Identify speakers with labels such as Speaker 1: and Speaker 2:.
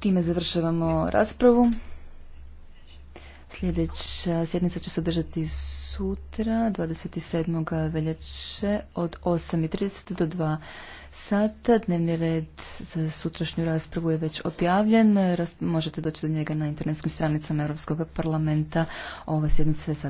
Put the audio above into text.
Speaker 1: Time završavamo raspravu. Sljedeća sjednica će se održati sutra 27. veljače od 8.30 do 2 sata. Dnevni red za sutrašnju raspravu je već objavljen. Možete doći do njega na internetskim stranicama Europskog parlamenta. Ova sjednica je sad